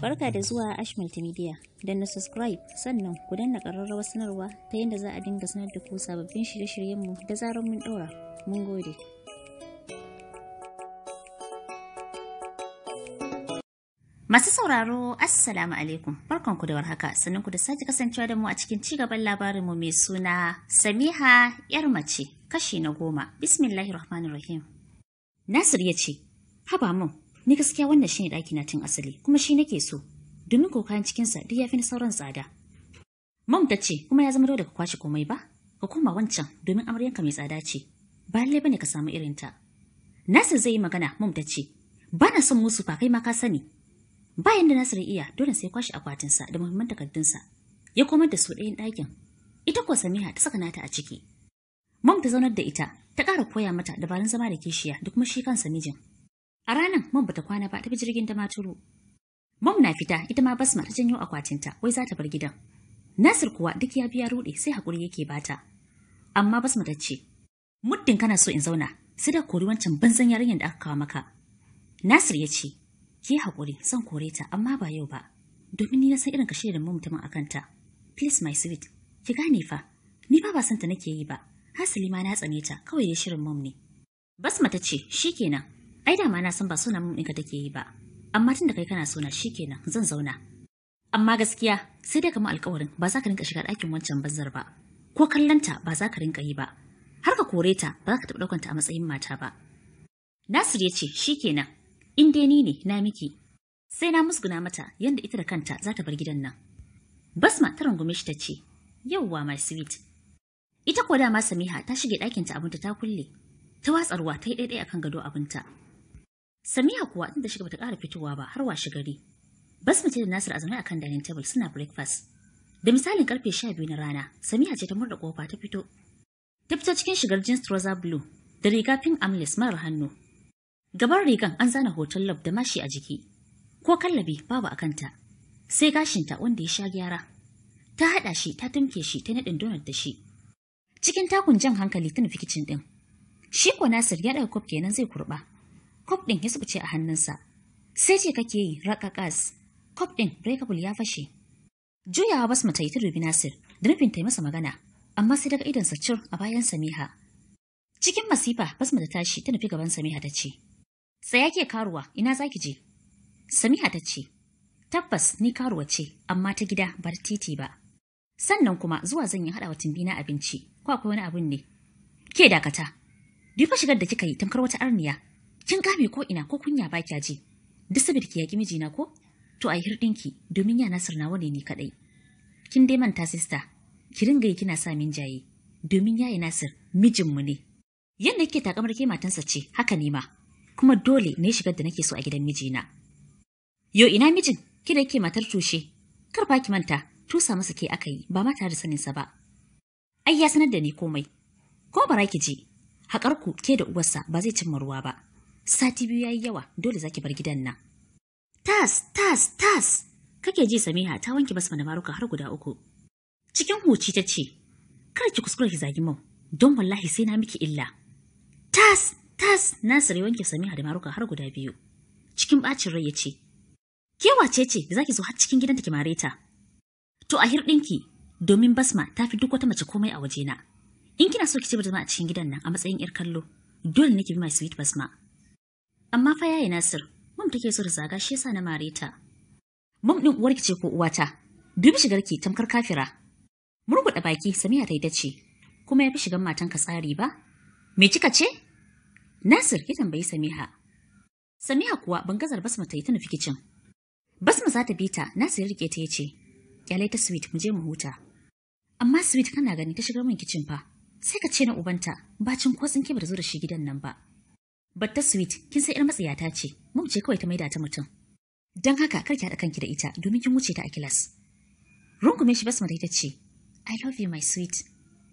Barka da zuwa Ash Multimedia. Don na subscribe sannan ku danna ƙararrawar sanarwa ta yadda za a dinga sanar da ku sababbin shirye-shiryenmu da zarar mun ɗora. Mun gode. Masu sauraro, Assalamu alaikum. ku da warhaka. Sannan ku da sake kasancewa da mu a cikin cigaban labarinmu mai suna Samiha 'yar mace kashi na goma. Bismillahirrahmanirrahim. Nasir ya ce, Haba mun, ni gaskiya wannan shine daki na tun asali kuma shi nake so domin ko kayan sa duk yafi na sauran tsada mam ta ce kuma ya zama dole ka kwashe komai ba ka koma wancan domin ka mai tsada ce ba lalle bane ka samu irin ta Nasir zai yi magana mam ta ce ba na son musu fa kai ma ka sani bayan da Nasir iya dole sai kwashe sa da muhimman takardun sa ya komar da su ɗayan ɗakin ita kuwa Samiha ta saka nata a ciki mam ta zaunar da ita, ta ƙara koya mata dabarun zama da kishiya da kuma shi kansa mijin. A ranar mom bata kwana ba ta bi jirgin damaturu. Mom na fita ita ma basma ta janyo akwatinta wai za ta bar gidan. Nasir kuwa duk ya biya rude sai hakuri yake bata. Amma basma ta ce, "Muddin kana so in zauna, sai da kori wancan banzan yarinyar da aka kawo maka." Nasir ya ce, "Ki hakuri, san kore ta amma ba yau ba, domin ni na san irin kashe da mu mutumin akan ta. Please my sweet, ki gane fa, ni ba ba san ta nake yi ba. Hasali ma na tsane ta, kawai dai shirin mom ne." Basma ta ce, "Shikenan, Ai da ma na san ba na mun ka take yi ba. Amma tun da kai kana so na shi kenan, zan zauna. Amma gaskiya sai dai kamar alƙawarin ba za ka rinka shiga ɗakin wancan banzar ba. Ko kallanta ba za ka rinka yi ba. Har ka kore ta ba za ka taɓa ɗaukanta a matsayin mata ba. Nasir ya ce shikenan in dai ni ne na miki sai na musguna mata yanda ita da kanta za ta bar gidan nan. Basma ta rungume shi ta ce, Yauwa my sweet. Ita ko dama Samiha ta shige ɗakinta abinta ta kulle, ta watsarwa ruwa ta yi ɗaiɗai akan gado abinta. Samiya kuwa tun da shiga bata ƙara fitowa ba har washe gari. Basma ce da Nasir a zaune akan dining table suna breakfast. Da misalin karfe sha biyu na rana, Samiya ce ta murda kofa ta fito. Ta fito cikin shigar jeans trouser blue da riga pink amles marar hannu. Gaban rigan an zana hoton lab da mashi a jiki. Ko kallabi babu a kanta. Sai gashinta wanda ya sha gyara. Ta haɗa shi ta tumke shi ta naɗin donut da shi. Cikin takun jan hankali ta nufi kicin ɗin. Shi ko Nasir ya ɗaga kwaf kenan zai kurɓa. kwaf ɗin ya subuce a hannunsa. Sai ce kake yi raƙaƙas, kwaf ɗin breakable ya fashe. Juyawa Basma mata yi ta dubi Nasir, da nufin ta yi masa magana, amma sai daga idonsa cir a bayan Samiha. Cikin masifa, Basma ta tashi ta nufi gaban Samiha ta ce, Tsaya ke karuwa, ina za ki je? Samiha ta ce, Tabbas ni karuwa ce, amma ta gida bar titi ba. Sannan kuma zuwa zan yi haɗa wa na abinci, ko akwai wani abun ne. Ke dakata, duk shigar da kika yi tamkar wata arniya, kin game ko ina ko kunya ba kya ji duk saboda ki yaki mijina ko to ai hirdinki domin ya nasir nawa ne ni kadai kin dai manta sister ki ringa kina sa min jaye domin yayi nasir mijinmu ne yanda yake takamar ke matansa ce haka ne ma kuma dole ne shigar da nake so a gidan mijina yo ina mijin ki da yake matar tushe kar fa ki manta tusa masa ke aka yi ba mata tare da saninsa ba ai ya sanar da ni komai ko bara ki ji haƙarku ke da uwarsa ba zai cimma ruwa ba sati biyu ya yi yawa dole zaki bar gidan nan tas tas tas kake ji samiha ta wanke basma da maruka har guda uku cikin huci ta ce kar ki kuskura ki zagi mau don wallahi sai na miki illa tas tas Nasiru ya wanke samiha da maruka har guda biyu cikin bacin rai ya ce ke wace ce da zaki zo har cikin gidanta ki mare ta to a hirɗinki domin basma ta fi duk wata mace komai a wajena in kina so ki ci zama a cikin gidan nan a matsayin yar kallo dole ne ki bi my sweet basma Amma fa yayi Nasir, mum take so da zaga shi yasa na mare ta. Mum din uwarki ce ko uwata? Dubi shigarki tamkar kafira. Murguɗa baki Samiya ta yi ta ce, kuma ya fi shigan ka tsari ba? Me kika ce? Nasir ya tambayi Samiha. Samiha kuwa ban bangazar Basma ta yi ta nufi kicin. Basma za ta bi ta, Nasir ya rike ta ya ce, "Kyalai ta sweet mu je mu huta." Amma sweet kana gani ta shigar min kicin fa. Sai ka ce na ubanta, bacin ko tsinke ba ta zo da shi gidan nan ba. Batta sweet, kin san 'yar matsayata ce, mu ce kawai ta maida ta mutum. Don haka kar ki haɗa kanki da ita domin kin wuce ta a kilas. Rungume shi basma ita ce, I love you my sweet.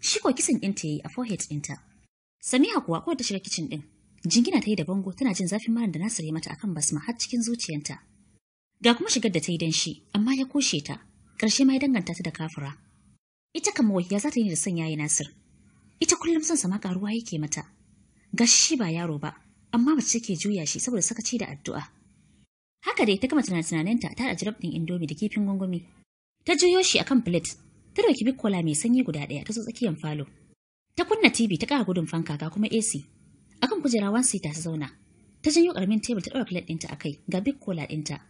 Shi ko kisan ta yi a forehead ɗinta. Samiha kuwa ko ta shiga kicin ɗin. Jingina ta yi da bango tana jin zafin maran da Nasir ya mata akan basma har cikin zuciyanta. Ga kuma shigar da ta yi danshi, amma ya kushe ta. Ƙarshe ma ya danganta ta da kafura. Ita kan mawahiya za ta yi da son yayi Nasir. Ita kullum son sama ƙaruwa yake mata. Gashi shi ba yaro ba, amma mace ke juya shi saboda sakaci da addu'a. Haka dai ta gama tunaninta ta da jirab indomi da kifin gwangwami. Ta juyo shi akan plate, ta dauki bikkola mai sanyi guda ɗaya ta zo tsakiyar falo. Ta kunna TV ta ƙara gudun fanka ga kuma AC. Akan kujera wan sita ta zauna. Ta janyo ƙaramin tebur ta ɗaura plate ɗinta a kai ga bikkola ɗinta.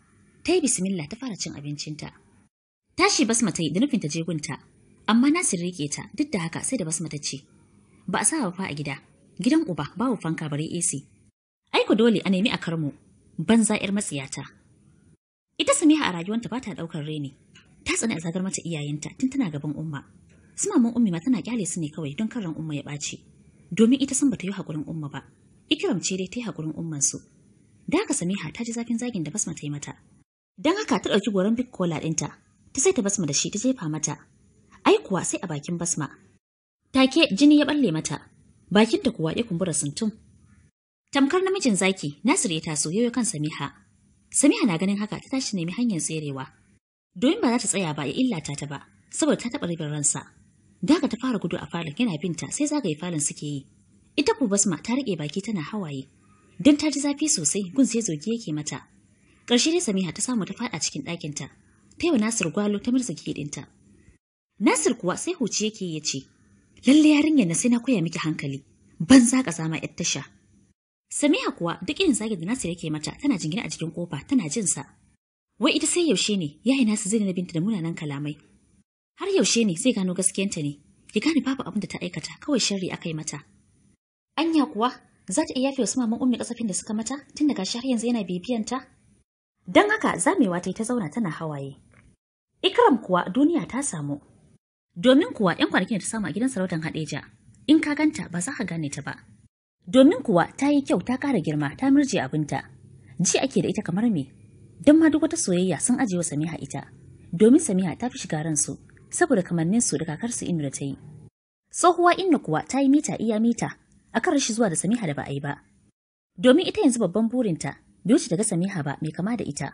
Ta yi bismillah ta fara cin abincinta. Tashi basma ta yi da nufin ta je gunta. Amma Nasir rike ta duk da haka sai da basma ta ce. Ba a sa fa a gida. Gidan uba babu fanka bare AC. Aiko dole a nemi a karmu, banza ‘yar matsiyata. Ita Samiha a rayuwanta ba ta ɗaukar reni, ta tsani a zagar mata iyayenta tun tana gaban umma. Su maman ummi ma tana kyale su ne kawai don karan umma ya ɓaci, domin ita san bata yi haƙurin umma ba. Ikiram ce dai ta yi haƙurin umman su. Da haka Samiha ta ji zafin zagin da Basma ta yi mata. dan haka ta ɗauki goron Big Cola ɗinta, ta sai ta Basma da shi ta jefa mata. Ai kuwa sai a bakin Basma. Take jini ya balle mata, bakinta kuwa ya kumbura suntum. Tamkar namijin zaki, Nasir ya taso yayo kan Samiha. Samiha na ganin haka ta tashi nemi hanyar tserewa. Domin ba za ta tsaya ba ya illata ta ba, saboda ta taɓa ribin ransa. Daga ta fara gudu a falon yana binta sai zagaye falon suke yi. Ita ku basma ta riƙe baki tana hawaye. Don ta ji zafi sosai gun sai zogi yake mata. Ƙarshe dai Samiha ta samu ta faɗa cikin ɗakin Ta yi wa Nasir gwalo ta mirziki ɗinta. Nasir kuwa sai huci yake ya ce, Lalle yarinyar na sai na koya miki hankali, ban za ka zama ‘yar tasha. Samiha kuwa duk irin zagin da Nasir yake mata tana jingina a jikin kofa tana jin sa. Wai ita sai yaushe ne yayi nasu zai na binta da munanan kalamai. Har yaushe ne zai gano ta ne. Ya gane babu abin da ta aikata kawai sharri aka yi mata. Anya kuwa za ta iya yafe wasu maman ummi kasafin da suka mata tun daga shi har yanzu yana bibiyanta. Don haka zamewa ta yi ta zauna tana hawaye. Ikram kuwa duniya ta samu. Domin kuwa ‘yan kwanakin da ta samu a gidan sarautar Hadeja, in ka ganta ba za ka gane ta ba. Domin kuwa ta yi kyau ta ƙara girma ta mirje abinta. Ji ake da ita kamar me? Don ma duk wata soyayya sun aje wa Samiha ita. Domin Samiha ta fi shiga ransu saboda kamannin su da kakarsu inda ta yi. Tsohuwa Inna kuwa ta yi mita iya mita a kan rashin zuwa da Samiha da ba a yi ba. Domin ita yanzu babban burinta bai wuce daga Samiha ba mai kama da ita.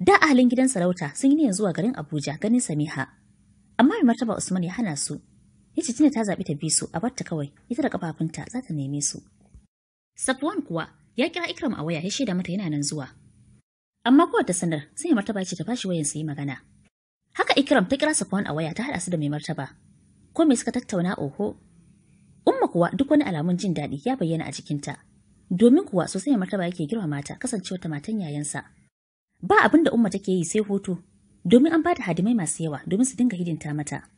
Da ahalin gidan sarauta sun yi niyan zuwa garin Abuja ganin Samiha, amma mai martaba Usman ya hana su. Ya ce ta zaɓi ta bi su a barta kawai ita da kafafunta za ta neme su. Safwan kuwa ya kira Ikram a waya ya shaida mata yana nan zuwa. Amma kowa ta sanar sai mai martaba ce ta fashi wayan su yi magana. Haka Ikram ta kira Safwan a waya ta haɗa su da mai martaba. Ko me suka tattauna oho? Umma kuwa duk wani alamun jin daɗi ya bayyana a jikinta. Domin kuwa sosai mai martaba yake girma mata kasancewar ta matan yayansa. Ba abin da Umma take yi sai hoto domin an bada hadimai masu yawa domin su dinga hidinta mata.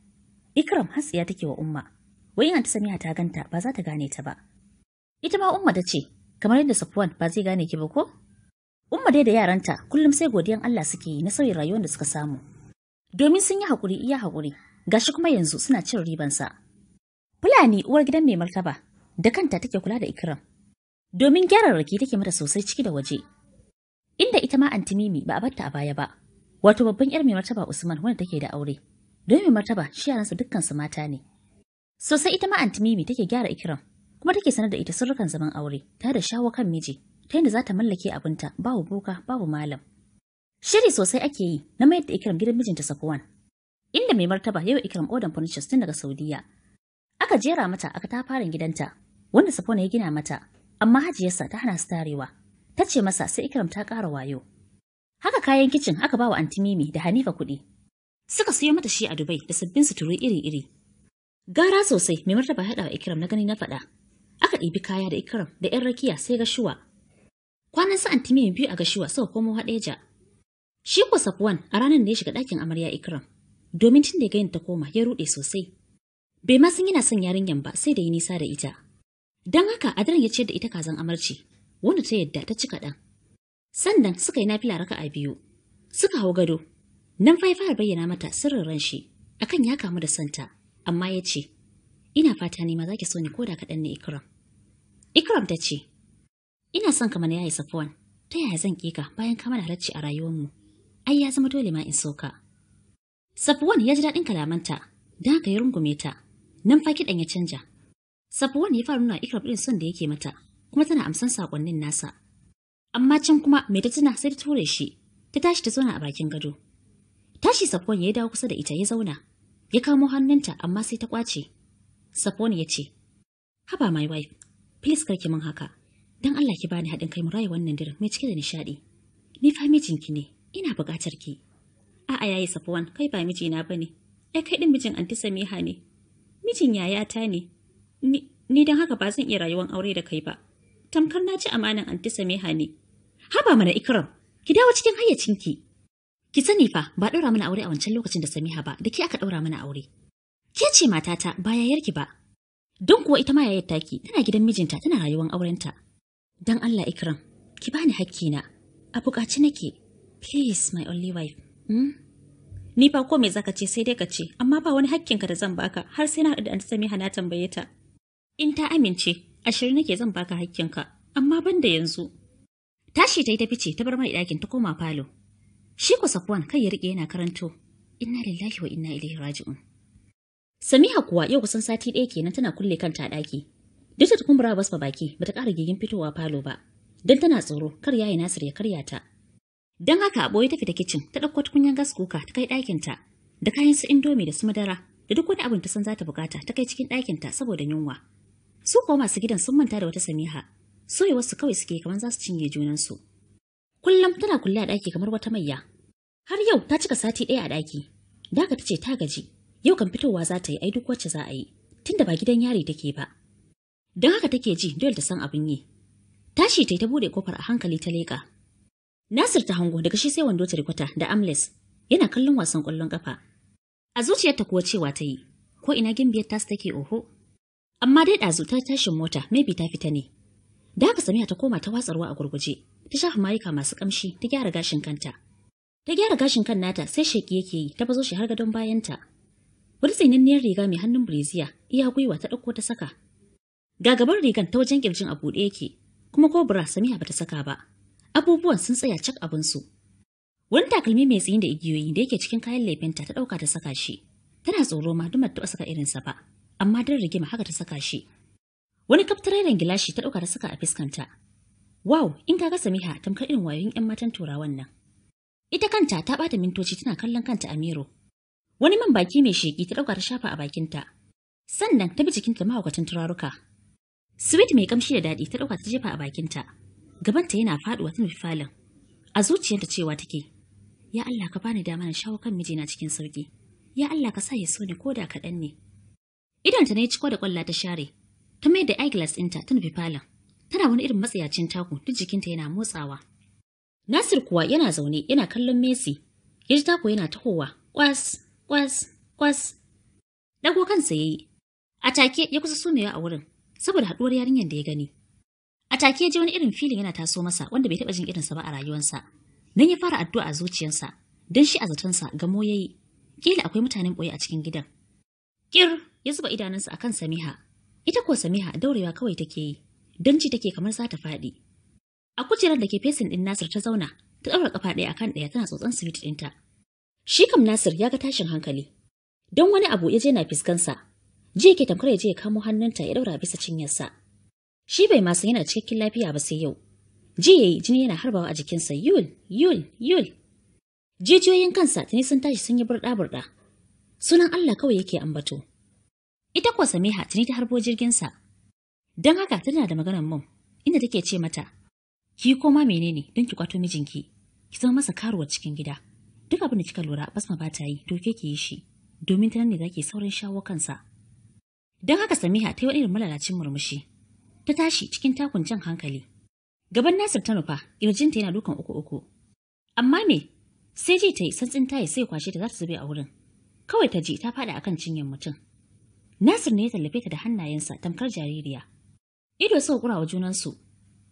Ikram hatsiya take wa Umma. Wai ta Samiha ta ganta ba za ta gane ta ba. Ita ma Umma ta ce, kamar yadda Safwan ba zai gane ki ba ko? Umma dai da yaranta kullum sai godiyan Allah suke yi na sauyin rayuwar da suka samu. Domin sun yi hakuri iya hakuri, gashi kuma yanzu suna cin ribansa. Fulani uwar gidan mai martaba da kanta take kula da Ikram. Domin gyararraki take mata sosai ciki da waje. Inda ita ma Antimimi ba a batta a baya ba. Wato babban 'yar mai martaba Usman wanda take da aure. Don mai martaba shi yaransa dukkansu mata ne. Sosai ita ma Antimimi take gyara ikiram kuma take sanar da ita sirrukan zaman aure ta da shawo kan miji ta yadda za ta mallake abinta babu boka babu malam. Shiri sosai ake yi na mayar da ikiram gidan mijinta Sakuwan, Inda mai martaba yau ikiram odan furnitures tun daga Saudiya. Aka jera mata aka ta farin gidanta wanda Safuwan ya gina mata amma hajiyarsa ta hana su tarewa. Ta ce masa sai ikiram ta ƙara wayo. Haka kayan kicin aka ba wa Antimimi da Hanifa kuɗi Suka siyo mata shi a Dubai da sabbin suturi iri-iri. Gara sosai mai martaba haɗawa Ikram na gani na faɗa. Aka ɗibi kaya da Ikram da 'yan rakiya sai gashuwa. Kwanan sa antimi biyu a gashuwa suka komo haɗeja. Shi ko Safwan a ranar da ya shiga ɗakin amarya Ikram. Domin tun da gayin ta koma ya ruɗe sosai. Bai ma san yana son yarinyan ba sai da yi nisa da ita. dan haka Adran ya ce da ita kazan amarci, wanda ta yadda ta ci kaɗan. Sannan suka yi nafila raka'a biyu. Suka hau gado, Nan ya bayyana mata sirrin ran shi, akan ya kamu da santa, amma ya ce, Ina fata ne ma za ki so ni koda kaɗan ne Ikram. Ikram ta ce, Ina son ka mana yayi safuwan, ta yaya zan kika bayan ka mana halacci a mu. Ai ya zama dole ma in so ka. Safuwan ya ji daɗin kalamanta, don haka ya rungume ta, nan fa kiɗan ya canja. Safuwan ya fara nuna Ikram ɗin son da yake mata, kuma tana amsan saƙonnin nasa. Amma can kuma mai ta tuna sai ta ture shi, ta tashi ta zauna a bakin gado. Tashi safon ya dawo kusa da ita ya zauna. Ya kamo hannunta amma sai ta kwace. Safwan ya ce, Haba my wife, please karki min haka. Dan Allah ki bani haɗin kai mu raye wannan dare mai cike da nishaɗi. Ni fa mijinki ne, ina buƙatar ki. A'a yayi safon kai ba mijina bane. Ai kai din mijin Anti Samiha ne. Mijin yayata ne. Ni ni dan haka ba zan iya rayuwar aure da kai ba. Tamkar na ci amanan Anti Samiha ne. Haba mana Ikram, ki dawo cikin hayyacinki. Ki sani fa ba daura mana aure a wancan lokacin da Samiha ba, da ke aka ɗaura mana aure. Ke ce matata ba yayarki ba. Don kuwa ita ma yayar taki tana gidan mijinta tana rayuwar aurenta. dan Allah Ikram, ki bani hakkina. A buƙaci nake. Please my only wife. Hmm? Ni fa ko me zaka ce sai dai ka ce, amma ba wani hakkinka da zan baka har sai na haɗu da an Samiha na tambaye ta. In ta amince, ashirin nake zan baka hakkinka, amma ban da yanzu. Tashi ta yi ta fice ta bar mai ɗakin ta koma falo. Shi ku Safwan kai ya rike yana karanto. Inna lillahi wa inna ilaihi raji'un. Samiha kuwa yau kusan sati ɗaya kenan tana kulle kanta a ɗaki. Duk da tukumbura bas ba baki bata ƙara gigin fitowa falo ba. Don tana tsoro kar yayi Nasir ya karya ta. Don haka boye ta fita kicin ta ɗauko tukunyar gas kuka ta kai ɗakinta da kayan su indomi da su madara da duk wani abin ta san za ta bukata ta kai cikin ɗakinta saboda yunwa. Su kuwa masu gidan sun manta da wata Samiha. su kawai suke kamar za su cinye junansu. Kullum tana kulle a ɗaki kamar wata mayya. Har yau ta cika sati ɗaya a ɗaki. Daka ta ce ta gaji. Yau kan fitowa za ta yi ai duk wacce za a yi. Tunda ba gidan yari take ba. Don haka take ji dole ta san abin yi. Tashi ta yi ta buɗe kofar a hankali ta leƙa. Nasir ta hango daga shi sai wando ta rikwata da amles yana kallon wasan ƙwallon ƙafa. A zuciyarta kuwa cewa ta yi, ko ina gimbiyar tasu take oho. Amma dai ɗazu ta tashin mota, maybe ta fita ne. Da haka Samiya ta koma ta watsarwa a gurguje. ta shafa mayuka masu kamshi ta gyara gashin kanta. Ta gyara gashin kan nata sai sheki yake yi ta bazo shi har gadon bayanta. Wani tsinanniyar riga mai hannun breziya iya gwiwa ta ɗauko ta saka. Ga gaban rigan ta wajen kirjin a buɗe yake kuma ko bura Samiya ta saka ba. Abubuwan sun tsaya cak abinsu. Wani takalmi mai tsayin da igiyoyi da yake cikin kayan lefenta ta ɗauka ta saka shi. Tana tsoro ma dumar taɓa saka irinsa ba, amma don rigima haka ta saka shi. Wani kaftarairan gilashi ta ɗauka ta saka a fiskanta, Wow, in ka ga Samiha tamkar irin wayoyin 'yan matan turawan nan. Ita kanta ta ɓata mintoci tana kallon kanta a Wani man baki mai sheki ta ɗauka ta shafa a bakinta. Sannan ta bi jikinta mahaukacin turaruka. Sweet mai kamshi da daɗi ta ɗauka ta jefa a bakinta. Gabanta yana faɗuwa ta nufi falon. A zuciyarta cewa take, Ya Allah ka bani dama na shawo kan mijina cikin sauƙi. Ya Allah ka sa ya so ni ko da kaɗan ne. na yi ciko da ƙwalla ta share. Ta mai da eyeglass ɗinta ta nufi falon. Tana wani irin matsayacin taku duk jikinta yana motsawa. Nasir kuwa yana zaune yana kallon Messi. Ya ji tako yana tahowa. Kwas, kwas, kwas. Dago kansa ya yi. A take ya kusa sumewa a wurin saboda haɗuwar yarinyar da ya gani. A take ya ji wani irin filin yana taso masa wanda bai taɓa jin irinsa ba a rayuwarsa. Nan ya fara addu'a a zuciyarsa don shi a zatonsa gamo ya yi. Kila akwai mutanen ɓoye a cikin gidan. Kir ya zuba idanunsa akan Samiha. Ita ko Samiha daurewa kawai take yi. don ji take kamar za ta faɗi. A kujerar da ke fesin ɗin Nasir ta zauna, ta ɗaura kafa ɗaya akan ɗaya tana tsotson sweet ɗinta. Shi kam Nasir ya ga tashin hankali. Don wani abu ya je na fiskansa, jiya ke tamkar ya je ya kamo hannunta ya ɗaura bisa cinyarsa. Shi bai ma san yana cikakken lafiya ba sai yau. Jiya yayi jini yana harbawa a jikinsa yul, yul, yul. Jijiyoyin kansa tuni sun tashi sun yi burɗa-burɗa. Sunan Allah kawai yake ambato. Ita kuwa Samiha tuni ta harbo jirgin sa. Don haka tana da maganar mom, inda take ce mata, ki koma menene don ki kwato mijinki, ki zama masa karuwar cikin gida. Duk abin da kika lura basma ba ta yi, to ke ki yi shi, domin ta nan ne ki saurin shawo kansa. Don haka Samiha ta yi wani irin malalacin murmushi. Ta tashi cikin takun jan hankali. Gaban Nasir ta nufa, kirjinta yana dukan uku uku. Amma me? Sai ji ta yi santsin yi sai kwashe ta za ta zube a wurin. Kawai ta ji ta faɗa akan cinyar mutum. Nasir ne ya tallafe ta da hannayensa tamkar jaririya. Ido suka kura wa junansu.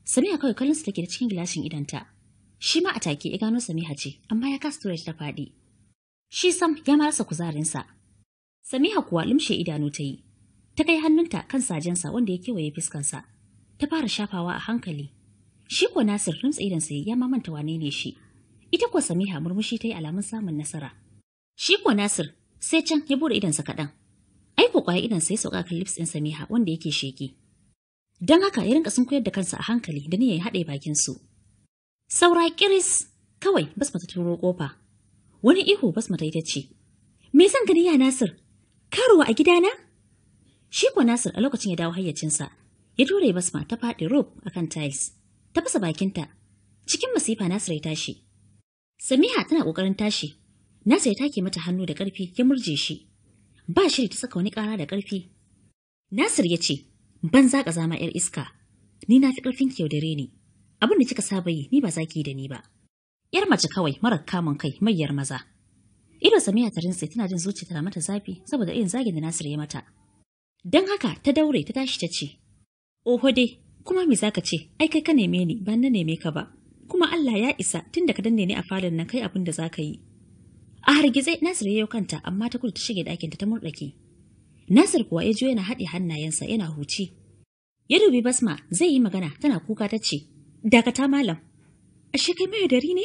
Samiha kawai kallon su take da cikin gilashin idanta. Shi ma a take ya gano Samiha ce, amma ya kasa tura ta faɗi. Shi sam ya marasa kuzarinsa. Samiha kuwa limshe idanu ta yi. Ta kai hannunta kan sajensa wanda ya kewaye fuskansa. Ta fara shafawa a hankali. Shi ko Nasir idan idansa ya mamanta wane ne shi. Ita kuwa Samiha murmushi ta yi alamun samun nasara. Shi ko Nasir sai can ya bude idansa kaɗan. Ai ko kwaya idansa ya sauka kan lips ɗin Samiha wanda yake sheki. Don haka ya rinka sun koyar da kansa a hankali da niyyar haɗe bakin su. Saura kiris kawai bas ta turo kofa. Wani ihu bas ta ita ce, Me zan gani ya Nasir? Karuwa a gidana? Shi kuwa Nasir a lokacin ya dawo hayyacinsa, ya ture basma ta faɗi rope a kan tiles, ta fasa bakinta. Cikin masifa Nasir ya tashi. Samiha tana ƙoƙarin tashi, Nasir ya take mata hannu da ƙarfi ya murje shi. Ba shiri ta saka wani ƙara da ƙarfi. Nasir ya ce, ban za ka zama 'yar iska, ni na fi ƙarfin ki yaudare ni, abin da kika saba yi ni ba za ki yi da ni ba. 'Yar mace kawai mara kamun kai mai 'yar maza. Ido Samiya ta rintse tana jin zuciya ta mata zafi saboda irin zagin da Nasir ya mata. Don haka ta daure ta tashi ta ce, Oho dai, kuma me za ka ce, ai kai ka neme ni ba na neme ka ba, kuma Allah ya isa tun da ka danne ni a falon nan kai abin da ka yi. A hargitse Nasir ya yi kanta amma ta kudu ta shige ɗakinta ta murɗake. Nasir kuwa ya yana haɗe hannayensa yana huci. Ya dubi Basma zai yi magana tana kuka ta ce, Dakata malam, ashe kai mayadari ne?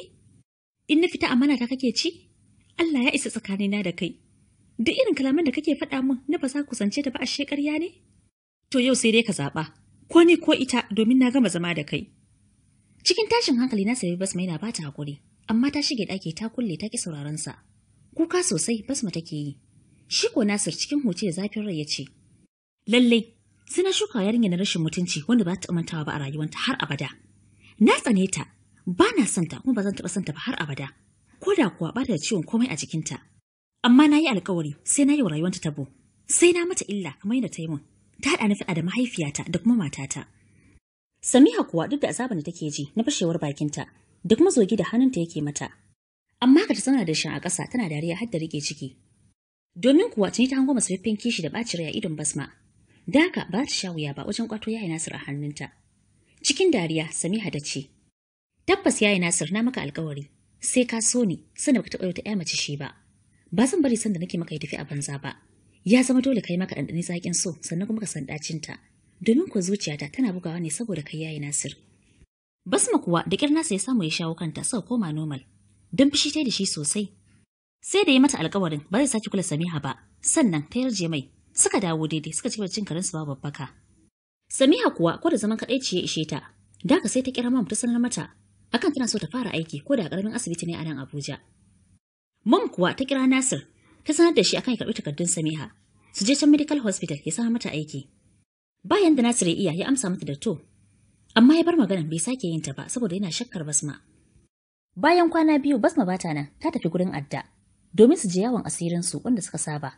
In na fita amana ta kake ci? Allah ya isa tsakanina da kai. Duk irin kalaman da kake faɗa min na ba za kusance ta ba a ƙarya ne? To yau sai dai ka zaɓa, ko ni ko ita domin na gama zama da kai. Cikin tashin hankali na sayi Basma yana bata hakuri, amma ta shige ɗaki ta kulle ta ki sauraron sa. Kuka sosai Basma take yi, Shi ko Nasir cikin huce da zafin rai ya ce, Lallai, sai na shuka yarinya na rashin mutunci wanda ba ta mantawa ba a rayuwanta har abada. Na tsane ta, ba na son ta kuma ba zan taɓa son ta ba har abada. Ko da kuwa ba ta da ciwon komai a jikinta. Amma na yi alkawari sai na yi wa rayuwanta tabo. Sai na mata illa kamar yadda ta yi mun. Ta haɗa nufi da mahaifiyata da kuma matata. Samiha kuwa duk da azaban da take ji na fashewar bakinta, duk mazogi da hannunta yake mata. Amma ka ta sana da shan a ƙasa tana dariya har da rike ciki. Domin kuwa tuni ta hango masafaffen kishi da bacci rai idon basma. Da haka ba ta sha wuya ba wajen kwato yayi Nasir a hannunta. Cikin dariya Samiha ta ce, Tabbas yayi Nasir na maka alkawari, sai ka so ni sannan ka taɓa wata ƴa mace shi ba. Ba zan bari sanda nake maka ya tafi a banza ba. Ya zama dole kai maka ɗanɗani zaƙin so sannan kuma ka san ɗacinta. Domin kuwa zuciyata tana bugawa ne saboda kai yayi Nasir. Basma kuwa da ƙyar nasa ya samu ya shawo kanta sau koma normal. Don fushi ta da shi sosai sai da ya mata alkawarin ba zai sake kula Samiha ba sannan ta yarje mai suka dawo daidai suka ci cin karin karinsu babu babbaka Samiha kuwa ko da zaman kaɗai ce ya ishe ta da sai ta kira mam ta sanar mata akan tana so ta fara aiki ko da karamin asibiti ne a nan Abuja Mam kuwa ta kira Nasir ta sanar da shi akan ya karɓi takardun Samiha su je can medical hospital ya samu mata aiki bayan da Nasir ya iya ya amsa mata da to amma ya bar magana bai sake yin ta ba saboda yana shakkar basma bayan kwana biyu basma bata nan ta tafi gurin adda domin su je yawon asirinsu wanda suka saba.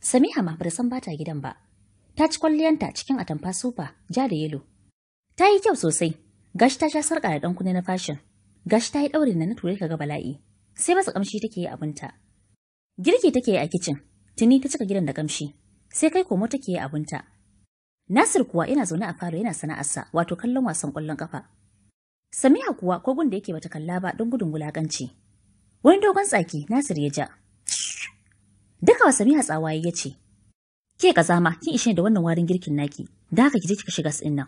Samiha ma bata san bata gidan ba. Ta ci kwalliyanta cikin atamfa sufa ja da yelo. Ta yi kyau sosai. Gashi ta sha sarƙa da ɗan kunne na fashin. Gashi ta yi ɗaurin na na turai bala'i. Sai masa ƙamshi take yi abinta. Girki take yi a kicin. Tuni ta cika gidan da ƙamshi. Sai kai komo take yi abunta. Nasir kuwa yana zaune a falo yana sana'arsa wato kallon wasan ƙwallon ƙafa. Samiha kuwa kogun da yake bata kalla ba don gudun wulaƙanci. Wani dogon tsaki Nasir ya ja. Duka wa Samiha tsawaye ya ce, Ke kazama kin ishe da wannan warin girkin naki, da haka ki je kika shiga tsin nan.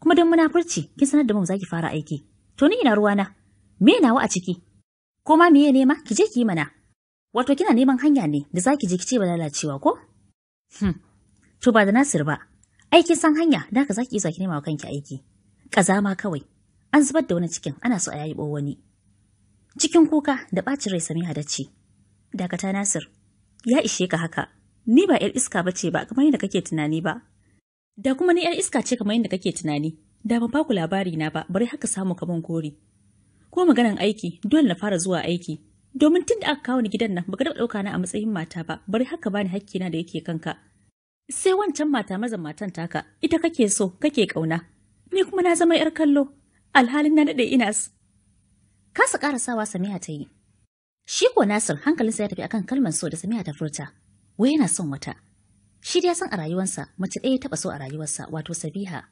Kuma don munafurci kin sanar da mu za ki fara aiki. To ni ina ruwana, me nawa a ciki? Ko ma ya nema ki je ki yi mana. Wato kina neman hanya ne da za ki je ki ce ba lalacewa ko? Hmm. To ba da Nasir ba. Aikin san hanya da haka za ki iya ki nema wa kanki aiki. Kazama kawai. An zubar da wani cikin ana so a yayi wani. Cikin kuka da ɓacin rai Samiha da Dakata Nasir, ya ishe ka haka, ni ba ‘yar iska ba ce ba kamar yadda kake tunani ba. Da kuma ni ‘yar iska ce kamar yadda kake tunani, da ban ku labari na ba, bari haka samu kamar kori. Ko maganan aiki, dole na fara zuwa aiki, domin tun da aka kawo ni gidan nan baka taɓa ɗauka na a matsayin mata ba bari haka bani na da yake kanka sai wancan mata mazan matan taka ita kake so kake kauna ni kuma na zama yar kallo alhalin na daɗe ina Kasa sawa Samiha ta yi. Shi ko Nasir hankalinsa ya tafi akan kalmar so da Samiha ta furta. Wai yana son wata. Shi dai san a rayuwarsa mace ɗaya taɓa so a rayuwarsa wato Sabiha.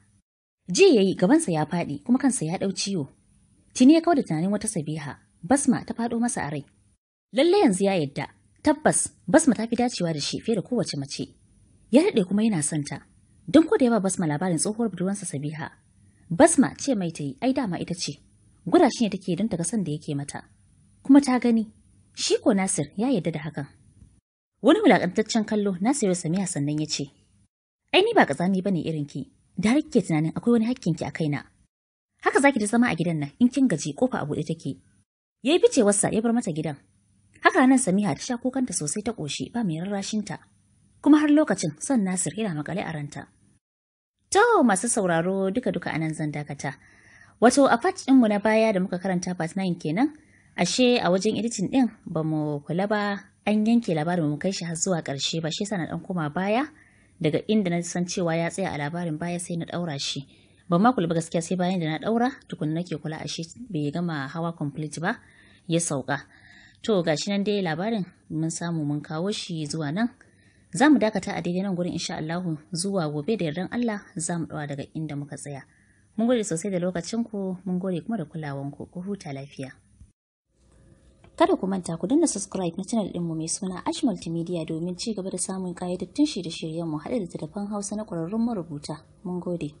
Ji ya yi gabansa ya faɗi kuma kansa ya ɗau ciwo. Tini ya da tunanin wata Sabiha. Basma ta faɗo masa a rai. Lalle yanzu ya yadda. Tabbas Basma ta fi dacewa da shi fiye da kowace mace. Ya daɗe kuma yana son ta. Don ko da ya ba Basma labarin tsohuwar budurwansa Sabiha. Basma ce mai ta yi ai dama ita ce. gura shi ne take don ta ga san da yake mata kuma ta gani shi ko Nasir ya yarda da hakan wani wulakantaccen kallo Nasir ya sami sannan ya ce ai ni ba kazami bane irin ki da har kike tunanin akwai wani hakkin ki a kaina haka zaki ta zama a gidan nan in kin gaji kofa a buɗe take yayi ficewarsa ya bar mata gidan haka nan Samiha ta sha kukanta sosai ta koshi ba mai ta kuma har lokacin son Nasir yana makale a ranta To masu sauraro duka-duka anan zan dakata. Wato a part ɗinmu na baya da muka karanta part 9 kenan, ashe a wajen editin ɗin ba mu kula ba an yanke labarin mu kai shi har zuwa ƙarshe ba shi sana ɗan koma baya daga inda na san cewa ya tsaya a labarin baya sai na ɗaura shi. Ba ma kula ba gaskiya sai bayan da na ɗaura tukun nake kula ashe bai gama hawa complete ba ya sauka. To gashi nan dai labarin mun samu mun kawo shi zuwa nan. Za mu dakata a daidai nan gurin insha Allahu zuwa gobe da yardan Allah za mu ɗaura daga inda muka tsaya. Mun gode sosai da lokacinku, mun gode kuma da kulawanku, ku huta lafiya. Kada ku manta ku danna subscribe na channel ɗinmu mai suna Ash Multimedia domin ci gaba da samun ƙayyadattun shirye-shiryenmu haɗe da tafan Hausa na ƙwararrun marubuta. Mun gode.